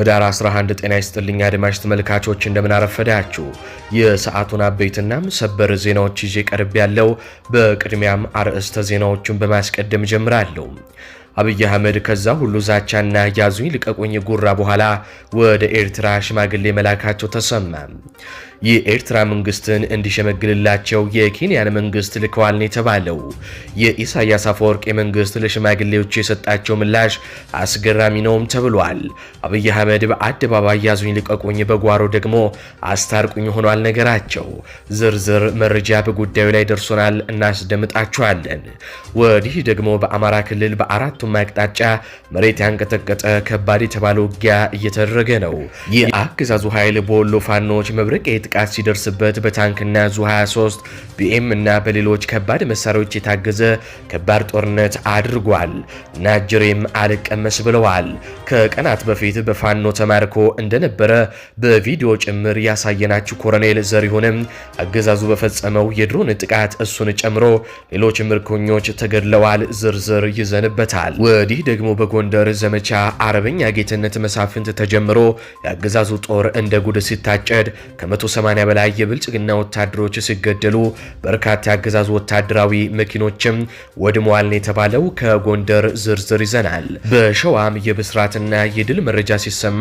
ህዳር 11 ጤና ይስጥልኝ አድማጭ ተመልካቾች እንደምን አረፈዳችሁ። የሰዓቱን አበይትና ሰበር ዜናዎች ይዤ ቀርብ ያለው። በቅድሚያም አርዕስተ ዜናዎቹን በማስቀደም ጀምራለሁ። አብይ አህመድ ከዛ ሁሉ ዛቻና ያዙኝ ልቀቁኝ ጉራ በኋላ ወደ ኤርትራ ሽማግሌ መላካቸው ተሰማ። የኤርትራ መንግስትን እንዲሸመግልላቸው የኬንያን መንግስት ልከዋል ነው የተባለው። የኢሳያስ አፈወርቅ መንግስት ለሽማግሌዎች የሰጣቸው ምላሽ አስገራሚ ነውም ተብሏል። አብይ አህመድ በአደባባይ ያዙኝ ልቀቁኝ፣ በጓሮ ደግሞ አስታርቁኝ ሆኗል ነገራቸው። ዝርዝር መረጃ በጉዳዩ ላይ ደርሶናል፣ እናስደምጣችኋለን። ወዲህ ደግሞ በአማራ ክልል በአራቱም አቅጣጫ መሬት ያንቀጠቀጠ ከባድ የተባለ ውጊያ እየተደረገ ነው። የአገዛዙ ኃይል በወሎ ፋኖች መብረቅ ጥቃት ሲደርስበት በታንክና ዙ 23 ቢኤም እና በሌሎች ከባድ መሳሪያዎች የታገዘ ከባድ ጦርነት አድርጓል። ናጀሬም አልቀመስ ብለዋል። ከቀናት በፊት በፋኖ ተማርኮ እንደነበረ በቪዲዮ ጭምር ያሳየናችሁ ኮሎኔል ዘሪሁንም አገዛዙ በፈጸመው የድሮን ጥቃት እሱን ጨምሮ ሌሎች ምርኮኞች ተገድለዋል። ዝርዝር ይዘንበታል። ወዲህ ደግሞ በጎንደር ዘመቻ አርበኛ ጌትነት መሳፍንት ተጀምሮ የአገዛዙ ጦር እንደ ጉድ ሲታጨድ ከመቶ 80 በላይ የብልጽግና ወታደሮች ሲገደሉ በርካታ የአገዛዙ ወታደራዊ መኪኖችም ወድመዋል የተባለው። ከጎንደር ዝርዝር ይዘናል። በሸዋም የብስራትና የድል መረጃ ሲሰማ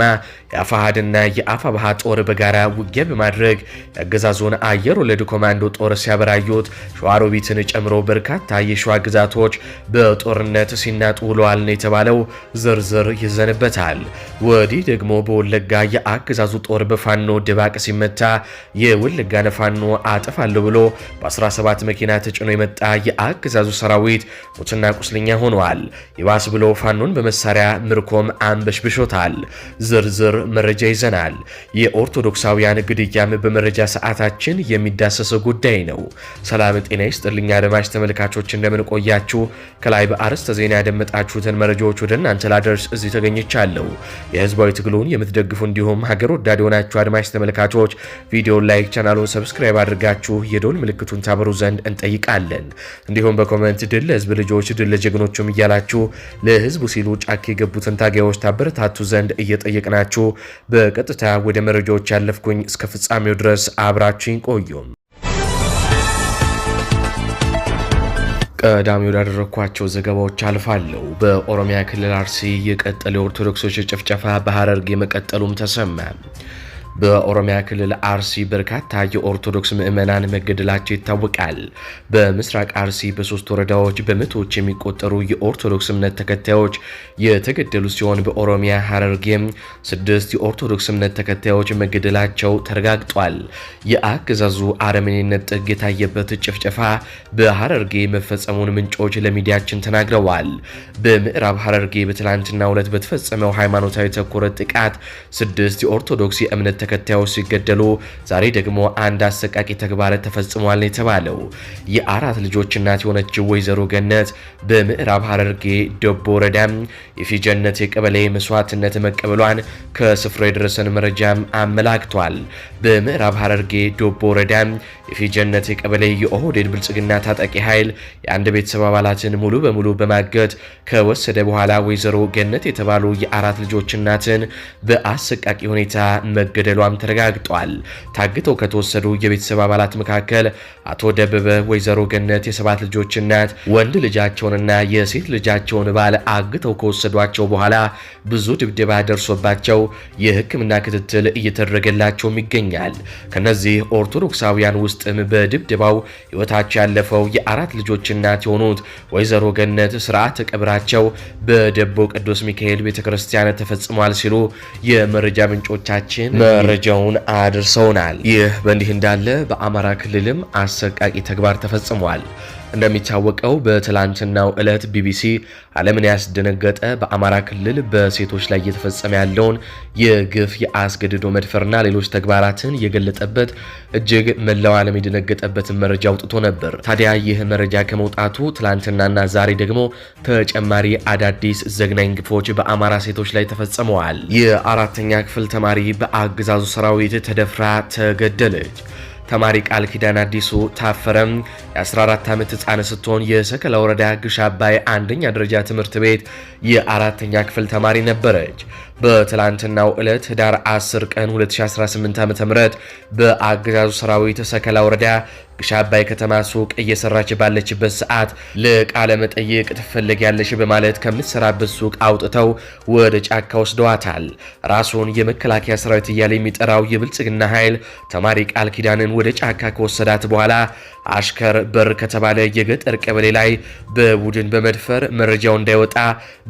የአፋሃድና የአፋባሃ ጦር በጋራ ውጊያ በማድረግ የአገዛዙን አየር ወለድ ኮማንዶ ጦር ሲያበራዩት ሸዋሮቢትን ጨምሮ በርካታ የሸዋ ግዛቶች በጦርነት ሲናጡ ውለዋል ነው የተባለው። ዝርዝር ይዘንበታል። ወዲህ ደግሞ በወለጋ የአገዛዙ ጦር በፋኖ ድባቅ ሲመታ የወለጋን ፋኖ አጠፋለሁ ብሎ በ17 መኪና ተጭኖ የመጣ የአገዛዙ ሰራዊት ሙትና ቁስለኛ ሆኗል። ይባስ ብሎ ፋኖን በመሳሪያ ምርኮም አንበሽብሾታል። ዝርዝር መረጃ ይዘናል። የኦርቶዶክሳውያን ግድያም በመረጃ ሰዓታችን የሚዳሰሰው ጉዳይ ነው። ሰላም ጤና ይስጥልኝ አድማጭ ተመልካቾች እንደምንቆያችሁ። ከላይ በአርዕስተ ዜና ያደመጣችሁትን መረጃዎች ወደ እናንተ ላደርስ እዚህ ተገኝቻለሁ። የህዝባዊ ትግሉን የምትደግፉ እንዲሁም ሀገር ወዳድ የሆናችሁ አድማጭ ተመልካቾች ቪዲዮ ላይክ፣ ቻናሉን ሰብስክራይብ አድርጋችሁ የደወል ምልክቱን ታበሩ ዘንድ እንጠይቃለን። እንዲሁም በኮመንት ድል ለህዝብ ልጆች፣ ድል ለጀግኖቹም እያላችሁ ለህዝቡ ሲሉ ጫካ የገቡትን ታጋዮች ታበረታቱ ዘንድ እየጠየቅናችሁ በቀጥታ ወደ መረጃዎች ያለፍኩኝ፣ እስከ ፍጻሜው ድረስ አብራችሁኝ ቆዩም። ቀዳሚ ወዳደረግኳቸው ዘገባዎች አልፋለሁ። በኦሮሚያ ክልል አርሲ የቀጠለ የኦርቶዶክሶች ጭፍጨፋ በሐረርጌ መቀጠሉም ተሰማ። በኦሮሚያ ክልል አርሲ በርካታ የኦርቶዶክስ ምዕመናን መገደላቸው ይታወቃል። በምስራቅ አርሲ በሶስት ወረዳዎች በመቶዎች የሚቆጠሩ የኦርቶዶክስ እምነት ተከታዮች የተገደሉ ሲሆን በኦሮሚያ ሀረርጌም ስድስት የኦርቶዶክስ እምነት ተከታዮች መገደላቸው ተረጋግጧል። የአገዛዙ አረመኔነት ጥግ የታየበት ጭፍጨፋ በሀረርጌ መፈጸሙን ምንጮች ለሚዲያችን ተናግረዋል። በምዕራብ ሀረርጌ በትላንትና ሁለት በተፈጸመው ሃይማኖታዊ ተኮረ ጥቃት ስድስት የኦርቶዶክስ የእምነት ተከታዮች ሲገደሉ ዛሬ ደግሞ አንድ አሰቃቂ ተግባር ተፈጽሟል የተባለው የአራት ልጆች እናት የሆነችው ወይዘሮ ገነት በምዕራብ ሀረርጌ ደቦ ወረዳም የፊጀነት የቀበሌ መስዋዕትነት መቀበሏን ከስፍራ የደረሰን መረጃም አመላክቷል። በምዕራብ ሀረርጌ ዶቦ ወረዳ የፊጀነት የቀበሌ የኦህዴድ ብልጽግና ታጣቂ ኃይል የአንድ ቤተሰብ አባላትን ሙሉ በሙሉ በማገት ከወሰደ በኋላ ወይዘሮ ገነት የተባሉ የአራት ልጆች እናትን በአሰቃቂ ሁኔታ መገደሉ መገደሏም ተረጋግጧል። ታግተው ከተወሰዱ የቤተሰብ አባላት መካከል አቶ ደበበ፣ ወይዘሮ ገነት የሰባት ልጆች እናት፣ ወንድ ልጃቸውንና የሴት ልጃቸውን ባል አግተው ከወሰዷቸው በኋላ ብዙ ድብደባ ደርሶባቸው የሕክምና ክትትል እየተደረገላቸውም ይገኛል። ከነዚህ ኦርቶዶክሳውያን ውስጥም በድብደባው ሕይወታቸው ያለፈው የአራት ልጆች እናት የሆኑት ወይዘሮ ገነት ስርዓተ ቀብራቸው በደቦ ቅዱስ ሚካኤል ቤተ ክርስቲያን ተፈጽሟል ሲሉ የመረጃ ምንጮቻችን መረጃውን አድርሰውናል። ይህ በእንዲህ እንዳለ በአማራ ክልልም አሰቃቂ ተግባር ተፈጽሟል። እንደሚታወቀው በትላንትናው ዕለት ቢቢሲ ዓለምን ያስደነገጠ በአማራ ክልል በሴቶች ላይ እየተፈጸመ ያለውን የግፍ የአስገድዶ መድፈርና ሌሎች ተግባራትን የገለጠበት እጅግ መላው ዓለም የደነገጠበትን መረጃ አውጥቶ ነበር። ታዲያ ይህ መረጃ ከመውጣቱ ትላንትናና ዛሬ ደግሞ ተጨማሪ አዳዲስ ዘግናኝ ግፎች በአማራ ሴቶች ላይ ተፈጽመዋል። የአራተኛ ክፍል ተማሪ በአገዛዙ ሰራዊት ተደፍራ ተገደለች። ተማሪ ቃል ኪዳን አዲሱ ታፈረም የ14 ዓመት ህፃን ስትሆን የሰከላ ወረዳ ግሽ አባይ አንደኛ ደረጃ ትምህርት ቤት የአራተኛ ክፍል ተማሪ ነበረች። በትላንትናው ዕለት ህዳር 10 ቀን 2018 ዓ ም በአገዛዙ ሰራዊት ሰከላ ወረዳ ግሻ አባይ ከተማ ሱቅ እየሰራች ባለችበት ሰዓት ለቃለ መጠይቅ ትፈለጊያለሽ በማለት ከምትሰራበት ሱቅ አውጥተው ወደ ጫካ ወስደዋታል። ራሱን የመከላከያ ሰራዊት እያለ የሚጠራው የብልጽግና ኃይል ተማሪ ቃል ኪዳንን ወደ ጫካ ከወሰዳት በኋላ አሽከር በር ከተባለ የገጠር ቀበሌ ላይ በቡድን በመድፈር መረጃው እንዳይወጣ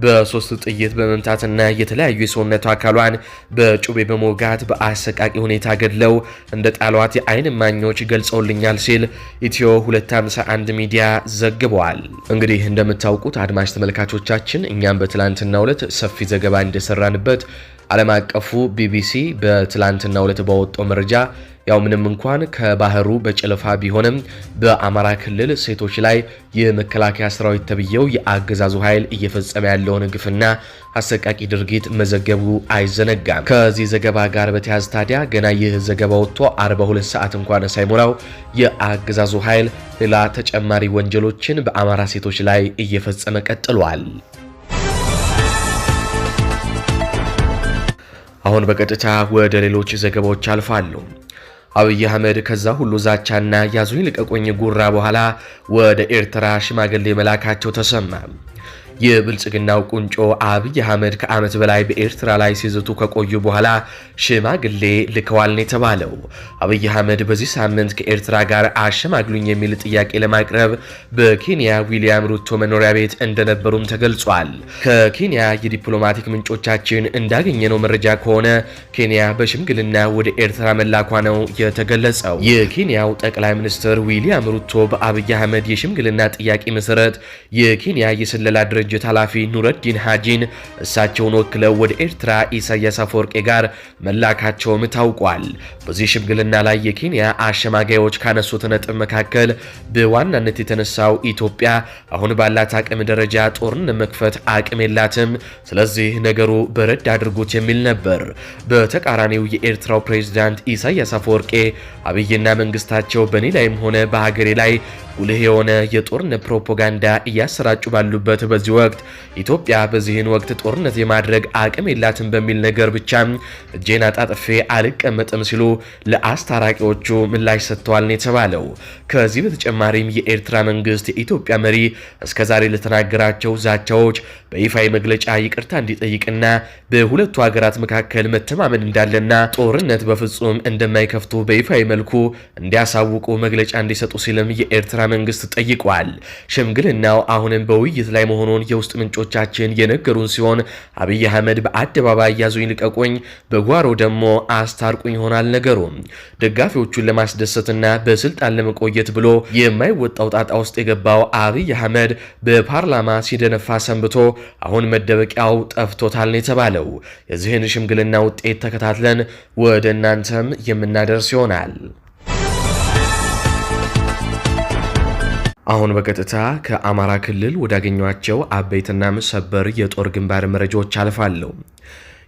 በሶስት ጥይት በመምታትና የተለያዩ የሰውነቱ አካሏን በጩቤ በመውጋት በአሰቃቂ ሁኔታ ገድለው እንደ ጣሏት የአይን ማኞች ገልጸውልኛል ሲል ሲል ኢትዮ 251 ሚዲያ ዘግበዋል። እንግዲህ እንደምታውቁት አድማጭ ተመልካቾቻችን እኛም በትላንትናው ዕለት ሰፊ ዘገባ እንደሰራንበት ዓለም አቀፉ ቢቢሲ በትላንትናው ዕለት በወጣው መረጃ ያው ምንም እንኳን ከባህሩ በጭልፋ ቢሆንም በአማራ ክልል ሴቶች ላይ የመከላከያ ሰራዊት ተብዬው የአገዛዙ ኃይል እየፈጸመ ያለውን ግፍና አሰቃቂ ድርጊት መዘገቡ አይዘነጋም። ከዚህ ዘገባ ጋር በተያያዘ ታዲያ ገና ይህ ዘገባ ወጥቶ 42 ሰዓት እንኳን ሳይሞላው የአገዛዙ ኃይል ሌላ ተጨማሪ ወንጀሎችን በአማራ ሴቶች ላይ እየፈጸመ ቀጥሏል። አሁን በቀጥታ ወደ ሌሎች ዘገባዎች አልፋለሁ። አብይ አህመድ ከዛ ሁሉ ዛቻና ያዙኝ ልቀቁኝ ጉራ በኋላ ወደ ኤርትራ ሽማግሌ መላካቸው ተሰማ። የብልጽግናው ቁንጮ አብይ አህመድ ከዓመት በላይ በኤርትራ ላይ ሲዝቱ ከቆዩ በኋላ ሽማግሌ ልከዋል ነው የተባለው። አብይ አህመድ በዚህ ሳምንት ከኤርትራ ጋር አሸማግሉኝ የሚል ጥያቄ ለማቅረብ በኬንያ ዊሊያም ሩቶ መኖሪያ ቤት እንደነበሩም ተገልጿል። ከኬንያ የዲፕሎማቲክ ምንጮቻችን እንዳገኘነው መረጃ ከሆነ ኬንያ በሽምግልና ወደ ኤርትራ መላኳ ነው የተገለጸው። የኬንያው ጠቅላይ ሚኒስትር ዊሊያም ሩቶ በአብይ አህመድ የሽምግልና ጥያቄ መሰረት የኬንያ የስለላ ድርጅት ድርጅት ኃላፊ ኑረዲን ሃጂን እሳቸውን ወክለው ወደ ኤርትራ ኢሳያስ አፈወርቄ ጋር መላካቸውም ታውቋል። በዚህ ሽምግልና ላይ የኬንያ አሸማጋዮች ካነሱት ነጥብ መካከል በዋናነት የተነሳው ኢትዮጵያ አሁን ባላት አቅም ደረጃ ጦርን መክፈት አቅም የላትም፣ ስለዚህ ነገሩ በረድ አድርጎት የሚል ነበር። በተቃራኒው የኤርትራው ፕሬዝዳንት ኢሳያስ አፈወርቄ አብይና መንግስታቸው በእኔ ላይም ሆነ በሀገሬ ላይ ጉልህ የሆነ የጦርነት ፕሮፓጋንዳ እያሰራጩ ባሉበት በዚህ ወቅት ኢትዮጵያ በዚህን ወቅት ጦርነት የማድረግ አቅም የላትም በሚል ነገር ብቻ እጄን አጣጥፌ አልቀመጥም ሲሉ ለአስታራቂዎቹ ምላሽ ሰጥተዋል ነው የተባለው። ከዚህ በተጨማሪም የኤርትራ መንግስት የኢትዮጵያ መሪ እስከዛሬ ለተናገራቸው ዛቻዎች በይፋዊ መግለጫ ይቅርታ እንዲጠይቅና በሁለቱ ሀገራት መካከል መተማመን እንዳለና ጦርነት በፍጹም እንደማይከፍቱ በይፋዊ መልኩ እንዲያሳውቁ መግለጫ እንዲሰጡ ሲልም የኤርትራ መንግስት ጠይቋል። ሽምግልናው አሁንም በውይይት ላይ መሆኑን የውስጥ ምንጮቻችን የነገሩን ሲሆን አብይ አህመድ በአደባባይ ያዙኝ ልቀቁኝ፣ በጓሮ ደግሞ አስታርቁኝ ይሆናል ነገሩ። ደጋፊዎቹን ለማስደሰትና በስልጣን ለመቆየት ብሎ የማይወጣው ጣጣ ውስጥ የገባው አብይ አህመድ በፓርላማ ሲደነፋ ሰንብቶ አሁን መደበቂያው ጠፍቶታል ነው የተባለው። የዚህን ሽምግልና ውጤት ተከታትለን ወደ እናንተም የምናደርስ ይሆናል። አሁን በቀጥታ ከአማራ ክልል ወዳገኟቸው አበይትና ሰበር የጦር ግንባር መረጃዎች አልፋለሁ።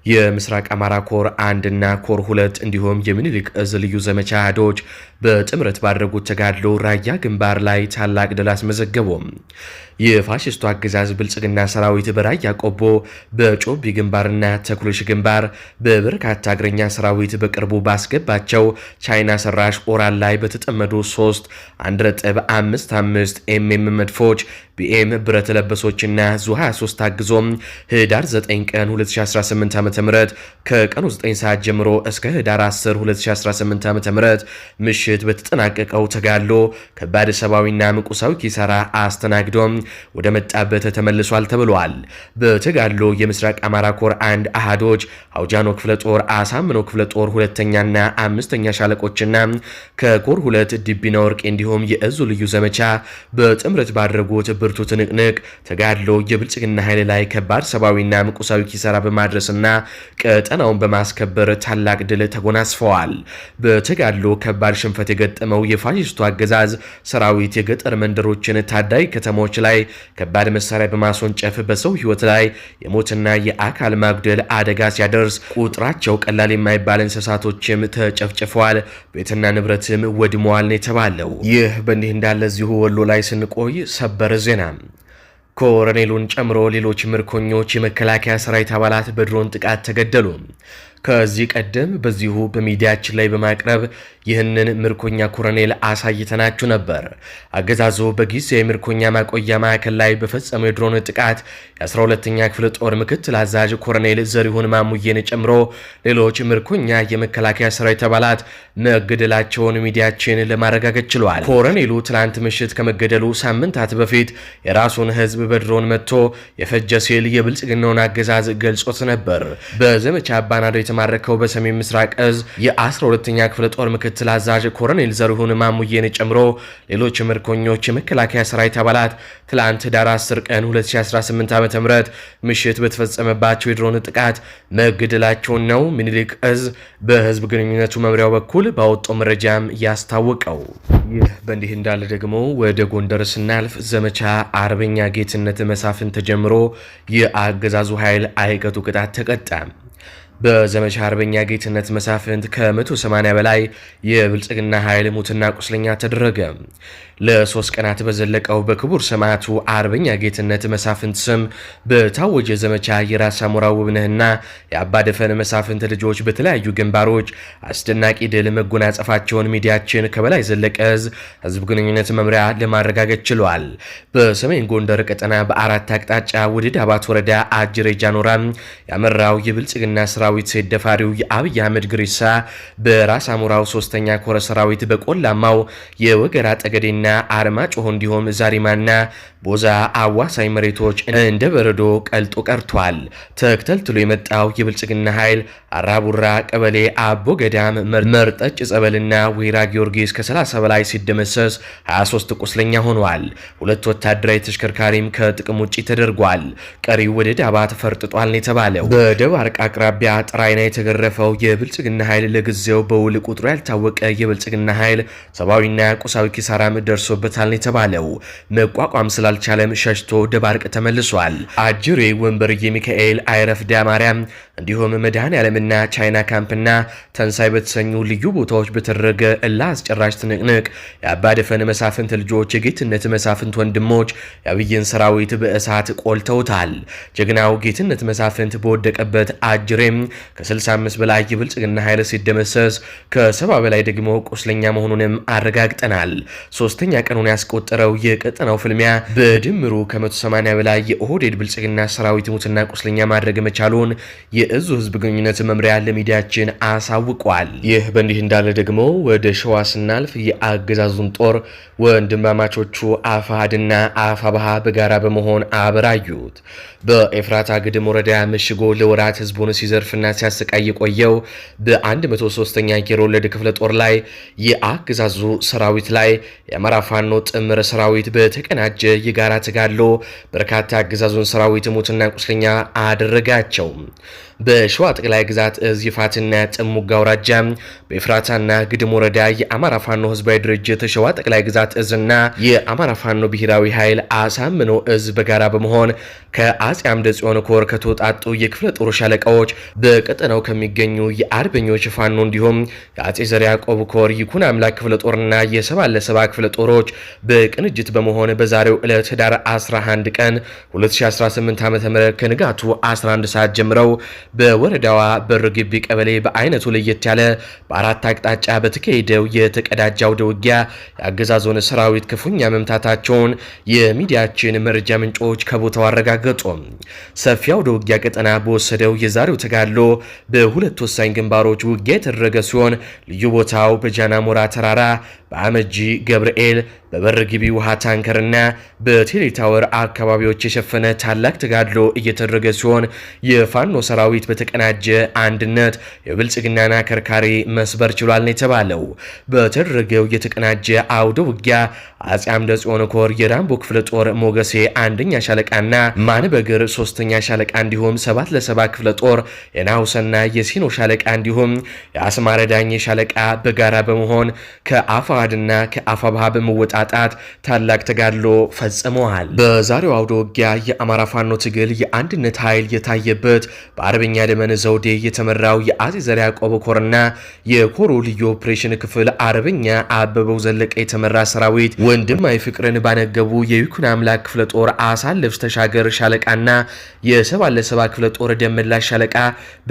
የምስራቅ አማራ ኮር አንድና ኮር ሁለት እንዲሁም የምኒልክ እዝ ልዩ ዘመቻ አህዶች በጥምረት ባደረጉት ተጋድሎ ራያ ግንባር ላይ ታላቅ ድል አስመዘገቡ። የፋሽስቱ አገዛዝ ብልጽግና ሰራዊት በራያ ቆቦ፣ በጮቢ ግንባርና ተኩሎሽ ግንባር በበርካታ እግረኛ ሰራዊት በቅርቡ ባስገባቸው ቻይና ሰራሽ ኦራል ላይ በተጠመዱ 3 1.55 ኤምኤም መድፎች ቢኤም ብረት ለበሶችና ዙ 23 ታግዞ ህዳር 9 ቀን 2018 ዓ ም ከቀኑ 9 ሰዓት ጀምሮ እስከ ህዳር 10 2018 ዓ.ም ምሽት በተጠናቀቀው ተጋድሎ ከባድ ሰብአዊና ምቁሳዊ ኪሳራ አስተናግዶም ወደ መጣበት ተመልሷል ተብሏል። በተጋድሎ የምስራቅ አማራ ኮር አንድ አሃዶች አውጃኖ ክፍለ ጦር፣ አሳምኖ ክፍለ ጦር ሁለተኛና አምስተኛ ሻለቆችና ከኮር ሁለት ዲቢና ወርቅ እንዲሁም የእዙ ልዩ ዘመቻ በጥምረት ባድረጉት ብርቱ ትንቅንቅ ተጋድሎ የብልጽግና ኃይል ላይ ከባድ ሰብአዊና ምቁሳዊ ኪሳራ በማድረስና ቀጠናውን በማስከበር ታላቅ ድል ተጎናስፈዋል። በተጋድሎ ከባድ ሽንፈት የገጠመው የፋሽስቱ አገዛዝ ሰራዊት የገጠር መንደሮችን፣ ታዳጊ ከተሞች ላይ ከባድ መሳሪያ በማስወንጨፍ በሰው ሕይወት ላይ የሞትና የአካል ማጉደል አደጋ ሲያደርስ ቁጥራቸው ቀላል የማይባል እንስሳቶችም ተጨፍጭፈዋል፣ ቤትና ንብረትም ወድመዋል ነው የተባለው። ይህ በእንዲህ እንዳለ እዚሁ ወሎ ላይ ስንቆይ ሰበር ዜና ኮሎኔሉን ጨምሮ ሌሎች ምርኮኞች የመከላከያ ሰራዊት አባላት በድሮን ጥቃት ተገደሉ። ከዚህ ቀደም በዚሁ በሚዲያችን ላይ በማቅረብ ይህንን ምርኮኛ ኮረኔል አሳይተናችሁ ነበር። አገዛዙ በጊዜ የምርኮኛ ማቆያ ማዕከል ላይ በፈጸመው የድሮን ጥቃት የ12ኛ ክፍለ ጦር ምክትል አዛዥ ኮረኔል ዘሪሁን ማሙዬን ጨምሮ ሌሎች ምርኮኛ የመከላከያ ሰራዊት አባላት መገደላቸውን ሚዲያችን ለማረጋገጥ ችሏል። ኮሎኔሉ ትላንት ምሽት ከመገደሉ ሳምንታት በፊት የራሱን ህዝብ በድሮን መጥቶ የፈጀ ሲል የብልጽግናውን አገዛዝ ገልጾት ነበር። በዘመቻ አባናዶ የተማረከው በሰሜን ምስራቅ እዝ የ12ኛ ክፍለ ጦር ምክትል አዛዥ ኮሎኔል ዘርሁን ማሙዬን ጨምሮ ሌሎች ምርኮኞች የመከላከያ ሰራዊት አባላት ትላንት ዳር 10 ቀን 2018 ዓ ም ምሽት በተፈጸመባቸው የድሮን ጥቃት መገደላቸውን ነው ሚኒሊክ እዝ በህዝብ ግንኙነቱ መምሪያው በኩል ባወጣው መረጃም ያስታወቀው። ይህ በእንዲህ እንዳለ ደግሞ ወደ ጎንደር ስናልፍ ዘመቻ አርበኛ ጌትነት መሳፍን ተጀምሮ የአገዛዙ ኃይል አይቀጡ ቅጣት ተቀጣ። በዘመቻ አርበኛ ጌትነት መሳፍንት ከ180 በላይ የብልጽግና ኃይል ሙትና ቁስለኛ ተደረገ። ለሶስት ቀናት በዘለቀው በክቡር ሰማዕቱ አርበኛ ጌትነት መሳፍንት ስም በታወጀ ዘመቻ የራስ አሞራ ውብነህና የአባደፈን መሳፍንት ልጆች በተለያዩ ግንባሮች አስደናቂ ድል መጎናጸፋቸውን ሚዲያችን ከበላይ ዘለቀ እዝ ህዝብ ግንኙነት መምሪያ ለማረጋገጥ ችሏል። በሰሜን ጎንደር ቀጠና በአራት አቅጣጫ ውድድ አባት ወረዳ አጅሬ ያመራው የብልጽግና ስራ ሰራዊት ደፋሪው የአብይ አህመድ ግሪሳ በራስ አሙራው ሶስተኛ ኮረ ሰራዊት በቆላማው የወገራ ጠገዴና ጮሆ እንዲሁም ዛሪማና ቦዛ አዋሳኝ መሬቶች እንደ በረዶ ቀልጦ ቀርቷል። ተክተልትሎ የመጣው የብልጽግና ኃይል አራቡራ ቀበሌ አቦ ገዳም መርጠጭ ጸበልና ወይራ ጊዮርጊስ ከ30 በላይ ሲደመሰስ 23 ቁስለኛ ሆኗል። ሁለት ወታደራዊ ተሽከርካሪም ከጥቅም ውጭ ተደርጓል። ቀሪው ወደ ዳባ ፈርጥጧል ነው የተባለው። በደባርቅ አቅራቢያ ጥራይና የተገረፈው የብልጽግና ኃይል ለጊዜው በውል ቁጥሩ ያልታወቀ የብልጽግና ኃይል ሰብአዊና ቁሳዊ ኪሳራም ደርሶበታል የተባለው መቋቋም ስላልቻለም ሸሽቶ ደባርቅ ተመልሷል። አጅሬ ወንበርዬ ሚካኤል አይረፍዳ ማርያም እንዲሁም መድኃኔ ዓለምና ቻይና ካምፕና ተንሳይ በተሰኙ ልዩ ቦታዎች በተደረገ እላ አስጨራሽ ትንቅንቅ የአባደፈን መሳፍንት ልጆች የጌትነት መሳፍንት ወንድሞች የአብይን ሰራዊት በእሳት ቆልተውታል። ጀግናው ጌትነት መሳፍንት በወደቀበት አጅሬም ከ65 በላይ የብልጽግና ኃይል ሲደመሰስ ከሰባ በላይ ደግሞ ቁስለኛ መሆኑንም አረጋግጠናል። ሶስተኛ ቀኑን ያስቆጠረው የቀጠናው ፍልሚያ በድምሩ ከ180 በላይ የኦህዴድ ብልጽግና ሰራዊት ሙትና ቁስለኛ ማድረግ መቻሉን የእዙ ህዝብ ግንኙነት መምሪያ ለሚዲያችን አሳውቋል። ይህ በእንዲህ እንዳለ ደግሞ ወደ ሸዋ ስናልፍ የአገዛዙን ጦር ወንድማማቾቹ አፋሃድና አፋባሃ በጋራ በመሆን አበራዩት። በኤፍራታ ግድም ወረዳ ምሽጎ ለወራት ህዝቡን ሲዘርፍ ሲዘርፍና ሲያሰቃይ የቆየው በ103ኛ አየር ወለድ ክፍለ ጦር ላይ የአገዛዙ ሰራዊት ላይ የአማራ ፋኖ ጥምር ሰራዊት በተቀናጀ የጋራ ተጋድሎ በርካታ አገዛዙን ሰራዊት ሙትና ቁስለኛ አደረጋቸው። በሸዋ ጠቅላይ ግዛት እዝ ይፋትና ጥሙጋ አውራጃ በኤፍራታና ግድም ወረዳ የአማራ ፋኖ ህዝባዊ ድርጅት ሸዋ ጠቅላይ ግዛት እዝና የአማራ ፋኖ ብሔራዊ ኃይል አሳምኖ እዝ በጋራ በመሆን ከአጼ አምደ ጽዮን ኮር ከተወጣጡ የክፍለ ጦር ሻለቃዎች በቀጠናው ከሚገኙ የአርበኞች ፋኖ እንዲሁም የአጼ ዘር ያዕቆብ ኮር ይኩን አምላክ ክፍለ ጦርና የሰባ ክፍለ ጦሮች በቅንጅት በመሆን በዛሬው ዕለት ህዳር 11 ቀን 2018 ዓ ም ከንጋቱ 11 ሰዓት ጀምረው በወረዳዋ በር ግቢ ቀበሌ በአይነቱ ለየት ያለ በአራት አቅጣጫ በተካሄደው የተቀዳጀ አውደ ውጊያ የአገዛዙን ሰራዊት ክፉኛ መምታታቸውን የሚዲያችን መረጃ ምንጮች ከቦታው አረጋገጡ። ሰፊ አውደ ውጊያ ቀጠና በወሰደው የዛሬው ተጋድሎ በሁለት ወሳኝ ግንባሮች ውጊያ የተደረገ ሲሆን ልዩ ቦታው በጃናሞራ ተራራ በአመጂ ገብርኤል በበር ግቢ ውሃ ታንከርና በቴሌ ታወር አካባቢዎች የሸፈነ ታላቅ ተጋድሎ እየተደረገ ሲሆን የፋኖ ሰራዊት በተቀናጀ አንድነት የብልጽግናን አከርካሪ መስበር ችሏል ነው የተባለው። በተደረገው የተቀናጀ አውደ ውጊያ አጼ አምደ ጽዮን ኮር የራምቦ ክፍለ ጦር ሞገሴ አንደኛ ሻለቃና ማንበግር ሶስተኛ ሻለቃ እንዲሁም ሰባት ለሰባ ክፍለ ጦር የናውሰና የሲኖ ሻለቃ እንዲሁም የአስማረ ዳኜ ሻለቃ በጋራ በመሆን ከአፋ ከአዋድና ከአፋብሃ በመወጣጣት ታላቅ ተጋድሎ ፈጽመዋል። በዛሬው አውደ ውጊያ የአማራ ፋኖ ትግል የአንድነት ኃይል የታየበት በአርበኛ ደመነ ዘውዴ የተመራው የአጼ ዘርዓ ያዕቆብ ኮርና የኮሩ ልዩ ኦፕሬሽን ክፍል አርበኛ አበበው ዘለቀ የተመራ ሰራዊት ወንድማዊ ፍቅርን ባነገቡ የይኩን አምላክ ክፍለ ጦር አሳልፍ ተሻገር ሻለቃና የሰባ ለሰባ ክፍለ ጦር ደመላሽ ሻለቃ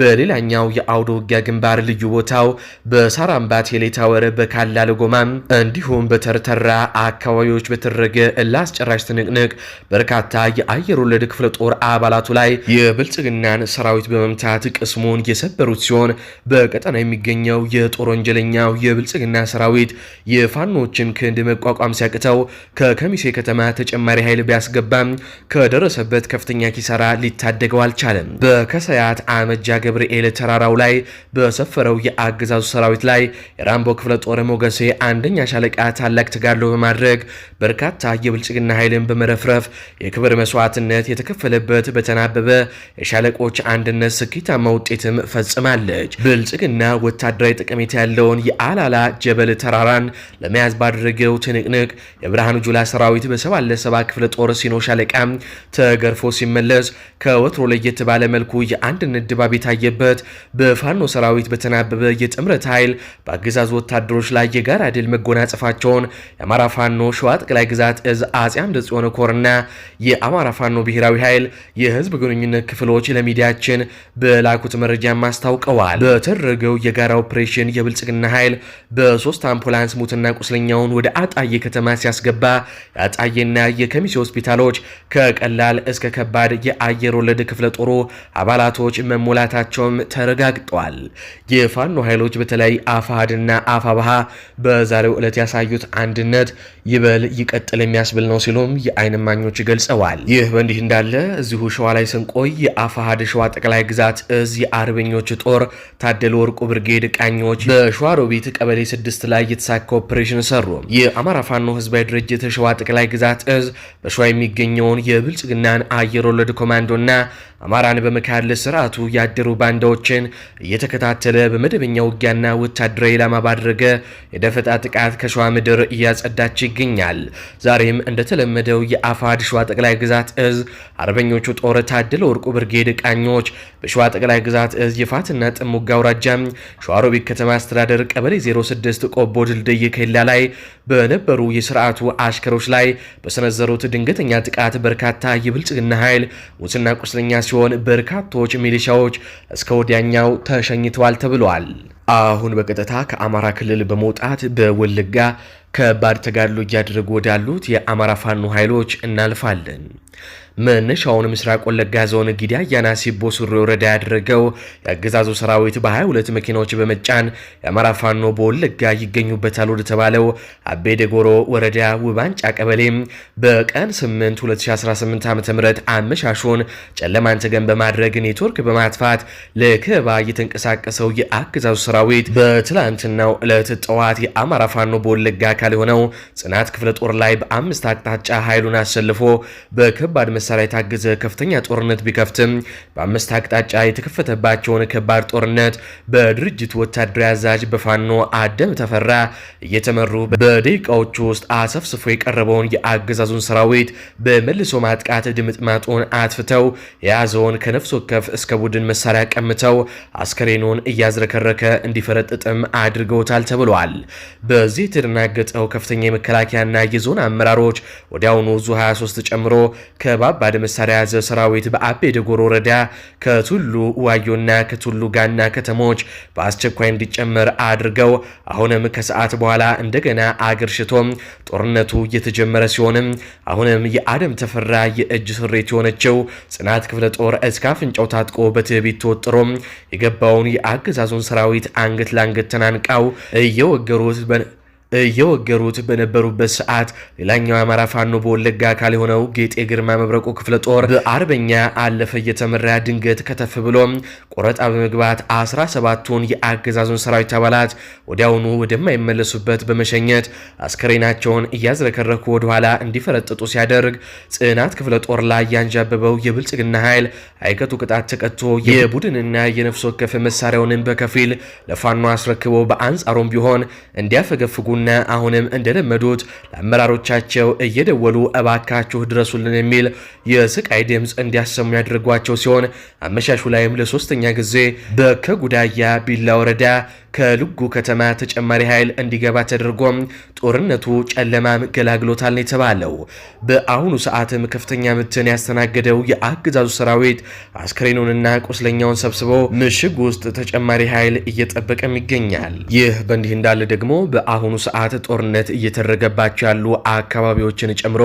በሌላኛው የአውደ ውጊያ ግንባር ልዩ ቦታው በሳራምባ ቴሌ ታወር በካላ ለጎማም እንዲሁም በተርተራ አካባቢዎች በተደረገ ላስጨራሽ ትንቅንቅ በርካታ የአየር ወለድ ክፍለ ጦር አባላቱ ላይ የብልጽግናን ሰራዊት በመምታት ቅስሙን የሰበሩት ሲሆን በቀጠና የሚገኘው የጦር ወንጀለኛው የብልጽግና ሰራዊት የፋኖችን ክንድ መቋቋም ሲያቅተው ከከሚሴ ከተማ ተጨማሪ ኃይል ቢያስገባም ከደረሰበት ከፍተኛ ኪሳራ ሊታደገው አልቻለም። በከሰያት አመጃ ገብርኤል ተራራው ላይ በሰፈረው የአገዛዙ ሰራዊት ላይ የራምቦ ክፍለ ጦር ሞገሴ አንደ አንደኛ ሻለቃ ታላቅ ተጋድሎ በማድረግ በርካታ የብልጽግና ኃይልን በመረፍረፍ የክብር መስዋዕትነት የተከፈለበት በተናበበ የሻለቆች አንድነት ስኬታማ ውጤትም ፈጽማለች። ብልጽግና ወታደራዊ ጠቀሜታ ያለውን የአላላ ጀበል ተራራን ለመያዝ ባደረገው ትንቅንቅ የብርሃኑ ጁላ ሰራዊት በሰባ ክፍለ ጦር ሲኖ ሻለቃ ተገርፎ ሲመለስ ከወትሮ ለየት ባለ መልኩ የአንድነት ድባብ የታየበት በፋኖ ሰራዊት በተናበበ የጥምረት ኃይል በአገዛዙ ወታደሮች ላይ የጋራ ድል መጎናጸፋቸውን የአማራ ፋኖ ሸዋ ጠቅላይ ግዛት እዝ አጼ አምደ ጽዮን ኮርና የአማራ ፋኖ ብሔራዊ ኃይል የህዝብ ግንኙነት ክፍሎች ለሚዲያችን በላኩት መረጃ አስታውቀዋል። በተደረገው የጋራ ኦፕሬሽን የብልጽግና ኃይል በሶስት አምቡላንስ ሙትና ቁስለኛውን ወደ አጣዬ ከተማ ሲያስገባ የአጣዬና የከሚሴ ሆስፒታሎች ከቀላል እስከ ከባድ የአየር ወለድ ክፍለ ጦሩ አባላቶች መሞላታቸውም ተረጋግጠዋል። የፋኖ ኃይሎች በተለይ አፋሃድና አፋባሃ በዛ በዛሬው ዕለት ያሳዩት አንድነት ይበል ይቀጥል የሚያስብል ነው ሲሉም የአይን እማኞች ገልጸዋል። ይህ በእንዲህ እንዳለ እዚሁ ሸዋ ላይ ስንቆይ የአፋሃድ ሸዋ ጠቅላይ ግዛት እዝ የአርበኞች ጦር ታደለ ወርቁ ብርጌድ ቃኞች በሸዋሮቢት ቀበሌ ስድስት ላይ የተሳካ ኦፕሬሽን ሰሩ። የአማራ ፋኖ ህዝባዊ ድርጅት ሸዋ ጠቅላይ ግዛት እዝ በሸዋ የሚገኘውን የብልጽግናን አየር ወለድ ኮማንዶና አማራን በመካል ስርዓቱ ያደሩ ባንዳዎችን እየተከታተለ በመደበኛ ውጊያና ወታደራዊ ኢላማ ባደረገ የደፈጣ ጥቃት ከሸዋ ምድር እያጸዳች ይገኛል። ዛሬም እንደተለመደው የአፋድ ሸዋ ጠቅላይ ግዛት እዝ አርበኞቹ ጦር ታደለ ወርቁ ብርጌድ ቃኞች በሸዋ ጠቅላይ ግዛት እዝ የፋትና ጥሙጋ አውራጃ ሸዋሮቢት ከተማ አስተዳደር ቀበሌ 06 ቆቦ ድልድይ ኬላ ላይ በነበሩ የስርዓቱ አሽከሮች ላይ በሰነዘሩት ድንገተኛ ጥቃት በርካታ የብልጽግና ኃይል ሙትና ቁስለኛ ሲሆን በርካቶች ሚሊሻዎች እስከ ወዲያኛው ተሸኝተዋል ተብሏል። አሁን በቀጥታ ከአማራ ክልል በመውጣት በወለጋ ከባድ ተጋድሎ እያደረጉ ወዳሉት የአማራ ፋኖ ኃይሎች እናልፋለን። መነሻውን ምስራቅ ወለጋ ዞን ጊዳ ያናሲ ቦሱሪ ወረዳ ያደረገው የአገዛዙ ሰራዊት በ22 መኪናዎች በመጫን የአማራ ፋኖ በወለጋ ይገኙበታል ወደተባለው አቤ ደጎሮ ወረዳ ውባንጫ ቀበሌም በቀን 8 2018 ዓ ም አመሻሹን ጨለማን ተገን በማድረግ ኔትወርክ በማጥፋት ለከባ የተንቀሳቀሰው የአገዛዙ ሰራዊት ሰራዊት በትላንትናው ዕለት ጠዋት የአማራ ፋኖ በወለጋ አካል የሆነው ጽናት ክፍለ ጦር ላይ በአምስት አቅጣጫ ኃይሉን አሰልፎ በከባድ መሳሪያ የታገዘ ከፍተኛ ጦርነት ቢከፍትም በአምስት አቅጣጫ የተከፈተባቸውን ከባድ ጦርነት በድርጅቱ ወታደራዊ አዛዥ በፋኖ አደም ተፈራ እየተመሩ በደቂቃዎቹ ውስጥ አሰፍስፎ የቀረበውን የአገዛዙን ሰራዊት በመልሶ ማጥቃት ድምጥማጡን አትፍተው የያዘውን ከነፍስ ወከፍ እስከ ቡድን መሳሪያ ቀምተው አስከሬኑን እያዝረከረከ እንዲፈረጥጥም አድርገውታል ተብሏል። በዚህ የተደናገጠው ከፍተኛ የመከላከያና የዞን አመራሮች ወዲያውኑ ዙ 23 ጨምሮ ከባባድ መሳሪያ ያዘ ሰራዊት በአቤ ደጎር ወረዳ ከቱሉ ዋዮና ከቱሉ ጋና ከተሞች በአስቸኳይ እንዲጨመር አድርገው አሁንም ከሰዓት በኋላ እንደገና አገር ጦርነቱ እየተጀመረ ሲሆንም አሁንም የአደም ተፈራ የእጅ ስሬት የሆነችው ጽናት ክፍለ ጦር እስከ አፍንጫው ታጥቆ በትዕቢት ተወጥሮም የገባውን የአገዛዙን ሰራዊት አንገት ለአንገት ተናንቃው እየወገሩት እየወገሩት በነበሩበት ሰዓት ሌላኛው የአማራ ፋኖ በወለጋ አካል የሆነው ጌጤ ግርማ መብረቁ ክፍለ ጦር በአርበኛ አለፈ እየተመራ ድንገት ከተፍ ብሎ ቆረጣ በመግባት 17ቱን የአገዛዙን ሰራዊት አባላት ወዲያውኑ ወደማይመለሱበት በመሸኘት አስከሬናቸውን እያዝረከረኩ ወደኋላ እንዲፈረጥጡ ሲያደርግ ጽናት ክፍለ ጦር ላይ ያንዣበበው የብልጽግና ኃይል አይቀጡ ቅጣት ተቀጥቶ የቡድንና የነፍስ ወከፍ መሳሪያውንም በከፊል ለፋኖ አስረክቦ በአንጻሩም ቢሆን እንዲያፈገፍጉ ያሉና አሁንም እንደለመዱት ለአመራሮቻቸው እየደወሉ እባካችሁ ድረሱልን የሚል የስቃይ ድምፅ እንዲያሰሙ ያደርጓቸው ሲሆን አመሻሹ ላይም ለሶስተኛ ጊዜ በከጉዳያ ቢላ ወረዳ ከልጉ ከተማ ተጨማሪ ኃይል እንዲገባ ተደርጎም ጦርነቱ ጨለማም ገላግሎታል ነው የተባለው። በአሁኑ ሰዓትም ከፍተኛ ምትን ያስተናገደው የአገዛዙ ሰራዊት አስክሬኑንና ቁስለኛውን ሰብስቦ ምሽግ ውስጥ ተጨማሪ ኃይል እየጠበቀም ይገኛል። ይህ በእንዲህ እንዳለ ደግሞ በአሁኑ ሰዓት ጦርነት እየተደረገባቸው ያሉ አካባቢዎችን ጨምሮ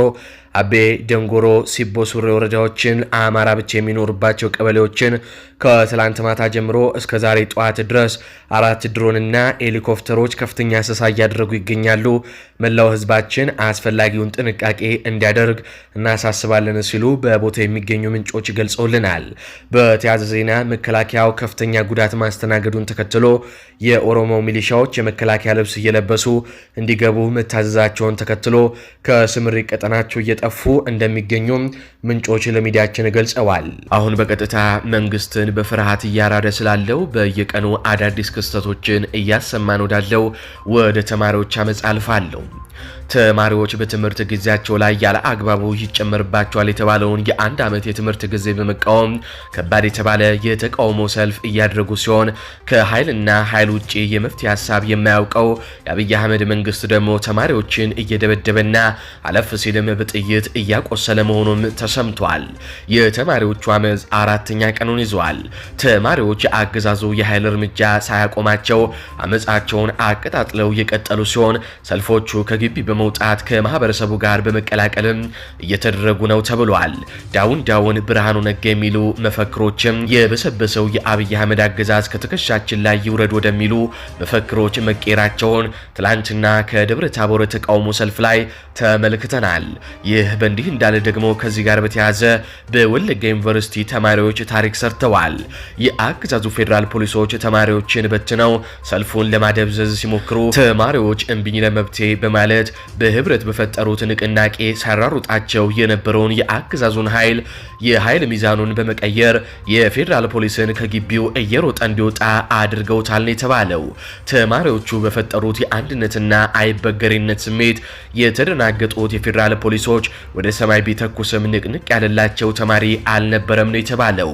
አቤ ደንጎሮ፣ ሲቦ ሱሪ ወረዳዎችን አማራ ብቻ የሚኖሩባቸው ቀበሌዎችን ከትላንት ማታ ጀምሮ እስከ ዛሬ ጠዋት ድረስ አራት ድሮንና ሄሊኮፕተሮች ከፍተኛ አሰሳ እያደረጉ ይገኛሉ። መላው ህዝባችን አስፈላጊውን ጥንቃቄ እንዲያደርግ እናሳስባለን ሲሉ በቦታ የሚገኙ ምንጮች ገልጸውልናል። በተያያዘ ዜና መከላከያው ከፍተኛ ጉዳት ማስተናገዱን ተከትሎ የኦሮሞ ሚሊሻዎች የመከላከያ ልብስ እየለበሱ እንዲገቡ መታዘዛቸውን ተከትሎ ከስምሪ ቀጠናቸው እየጠፉ እንደሚገኙም ምንጮች ለሚዲያችን ገልጸዋል። አሁን በቀጥታ መንግስትን በፍርሃት እያራደ ስላለው በየቀኑ አዳዲስ ክስተቶች ድምፃችን እያሰማን ወዳለው ወደ ተማሪዎች አመፅ አልፋለሁ። ተማሪዎች በትምህርት ጊዜያቸው ላይ ያለ አግባቡ ይጨመርባቸዋል የተባለውን የአንድ ዓመት የትምህርት ጊዜ በመቃወም ከባድ የተባለ የተቃውሞ ሰልፍ እያደረጉ ሲሆን ከኃይልና ኃይል ውጭ የመፍትሄ ሀሳብ የማያውቀው የአብይ አህመድ መንግስት ደግሞ ተማሪዎችን እየደበደበና አለፍ ሲልም በጥይት እያቆሰለ መሆኑም ተሰምቷል። የተማሪዎቹ አመፅ አራተኛ ቀኑን ይዘዋል። ተማሪዎች የአገዛዙ የኃይል እርምጃ ሳያቆማቸው አመፃቸውን አቀጣጥለው የቀጠሉ ሲሆን ሰልፎቹ ከጊዜ ግቢ በመውጣት ከማህበረሰቡ ጋር በመቀላቀልም እየተደረጉ ነው ተብሏል። ዳውን ዳውን ብርሃኑ ነጋ የሚሉ መፈክሮችም የበሰበሰው የአብይ አህመድ አገዛዝ ከትከሻችን ላይ ይውረድ ወደሚሉ መፈክሮች መቀየራቸውን ትላንትና ከደብረ ታቦር ተቃውሞ ሰልፍ ላይ ተመልክተናል። ይህ በእንዲህ እንዳለ ደግሞ ከዚህ ጋር በተያያዘ በወለጋ ዩኒቨርሲቲ ተማሪዎች ታሪክ ሰርተዋል። የአገዛዙ ፌዴራል ፖሊሶች ተማሪዎችን በትነው ሰልፉን ለማደብዘዝ ሲሞክሩ ተማሪዎች እምቢኝ ለመብቴ በማለት በማለት በህብረት በፈጠሩት ንቅናቄ ሳራሩጣቸው የነበረውን የአገዛዙን ኃይል የኃይል ሚዛኑን በመቀየር የፌዴራል ፖሊስን ከግቢው እየሮጠ እንዲወጣ አድርገውታል ነው የተባለው። ተማሪዎቹ በፈጠሩት የአንድነትና አይበገሬነት ስሜት የተደናገጡት የፌዴራል ፖሊሶች ወደ ሰማይ ቢተኩስም ንቅንቅ ያለላቸው ተማሪ አልነበረም ነው የተባለው።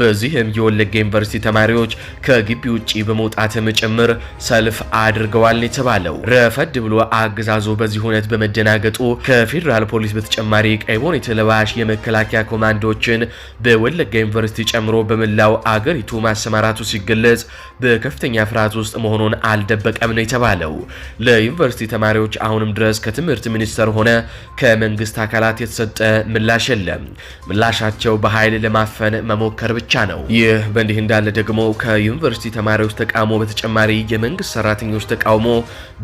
በዚህም የወለጋ ዩኒቨርሲቲ ተማሪዎች ከግቢ ውጭ በመውጣትም ጭምር ሰልፍ አድርገዋል ነው የተባለው። ረፈድ ብሎ አገዛዙ መያዙ በዚህ ሁነት በመደናገጡ ከፌዴራል ፖሊስ በተጨማሪ ቀይ ቦኔት ለባሽ የመከላከያ ኮማንዶዎችን በወለጋ ዩኒቨርሲቲ ጨምሮ በመላው አገሪቱ ማሰማራቱ ሲገለጽ በከፍተኛ ፍርሃት ውስጥ መሆኑን አልደበቀም ነው የተባለው። ለዩኒቨርሲቲ ተማሪዎች አሁንም ድረስ ከትምህርት ሚኒስቴር ሆነ ከመንግስት አካላት የተሰጠ ምላሽ የለም። ምላሻቸው በኃይል ለማፈን መሞከር ብቻ ነው። ይህ በእንዲህ እንዳለ ደግሞ ከዩኒቨርሲቲ ተማሪዎች ተቃውሞ በተጨማሪ የመንግስት ሰራተኞች ተቃውሞ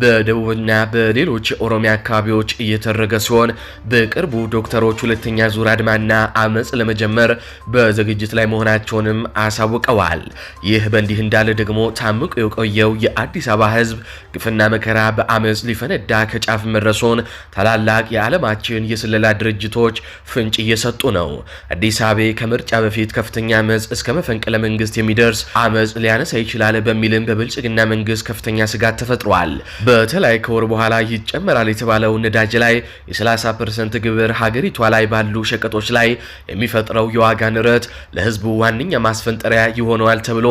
በደቡብና በሌሎች የኦሮሚያ አካባቢዎች እየተደረገ ሲሆን በቅርቡ ዶክተሮች ሁለተኛ ዙር አድማና አመፅ ለመጀመር በዝግጅት ላይ መሆናቸውንም አሳውቀዋል። ይህ በእንዲህ እንዳለ ደግሞ ታምቆ የቆየው የአዲስ አበባ ህዝብ ግፍና መከራ በአመፅ ሊፈነዳ ከጫፍ መድረሱን ታላላቅ የዓለማችን የስለላ ድርጅቶች ፍንጭ እየሰጡ ነው። አዲስ አበባ ከምርጫ በፊት ከፍተኛ አመፅ እስከ መፈንቅለ መንግስት የሚደርስ አመፅ ሊያነሳ ይችላል በሚልም በብልጽግና መንግስት ከፍተኛ ስጋት ተፈጥሯል። በተለይ ከወር በኋላ ይጨ ይጨምራል የተባለው ነዳጅ ላይ የ30 ፐርሰንት ግብር ሀገሪቷ ላይ ባሉ ሸቀጦች ላይ የሚፈጥረው የዋጋ ንረት ለህዝቡ ዋነኛ ማስፈንጠሪያ ይሆነዋል ተብሎ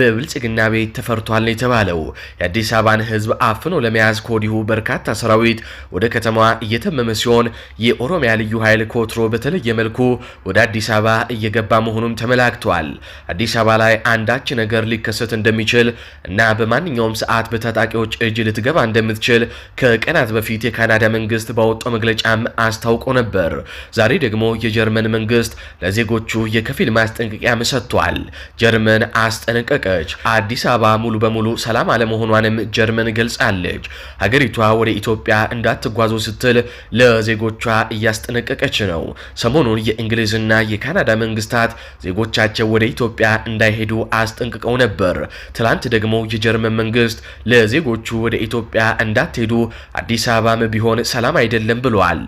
በብልጽግና ቤት ተፈርቷል ነው የተባለው። የአዲስ አበባን ህዝብ አፍኖ ለመያዝ ከወዲሁ በርካታ ሰራዊት ወደ ከተማዋ እየተመመ ሲሆን የኦሮሚያ ልዩ ኃይል ከወትሮ በተለየ መልኩ ወደ አዲስ አበባ እየገባ መሆኑም ተመላክቷል። አዲስ አበባ ላይ አንዳች ነገር ሊከሰት እንደሚችል እና በማንኛውም ሰዓት በታጣቂዎች እጅ ልትገባ እንደምትችል ከቀና ከቀናት በፊት የካናዳ መንግስት ባወጣው መግለጫም አስታውቆ ነበር። ዛሬ ደግሞ የጀርመን መንግስት ለዜጎቹ የከፊል ማስጠንቀቂያም ሰጥቷል። ጀርመን አስጠነቀቀች። አዲስ አበባ ሙሉ በሙሉ ሰላም አለመሆኗንም ጀርመን ገልጻለች። ሀገሪቷ ወደ ኢትዮጵያ እንዳትጓዙ ስትል ለዜጎቿ እያስጠነቀቀች ነው። ሰሞኑን የእንግሊዝና የካናዳ መንግስታት ዜጎቻቸው ወደ ኢትዮጵያ እንዳይሄዱ አስጠንቅቀው ነበር። ትላንት ደግሞ የጀርመን መንግስት ለዜጎቹ ወደ ኢትዮጵያ እንዳትሄዱ አዲስ አበባም ቢሆን ሰላም አይደለም ብለዋል።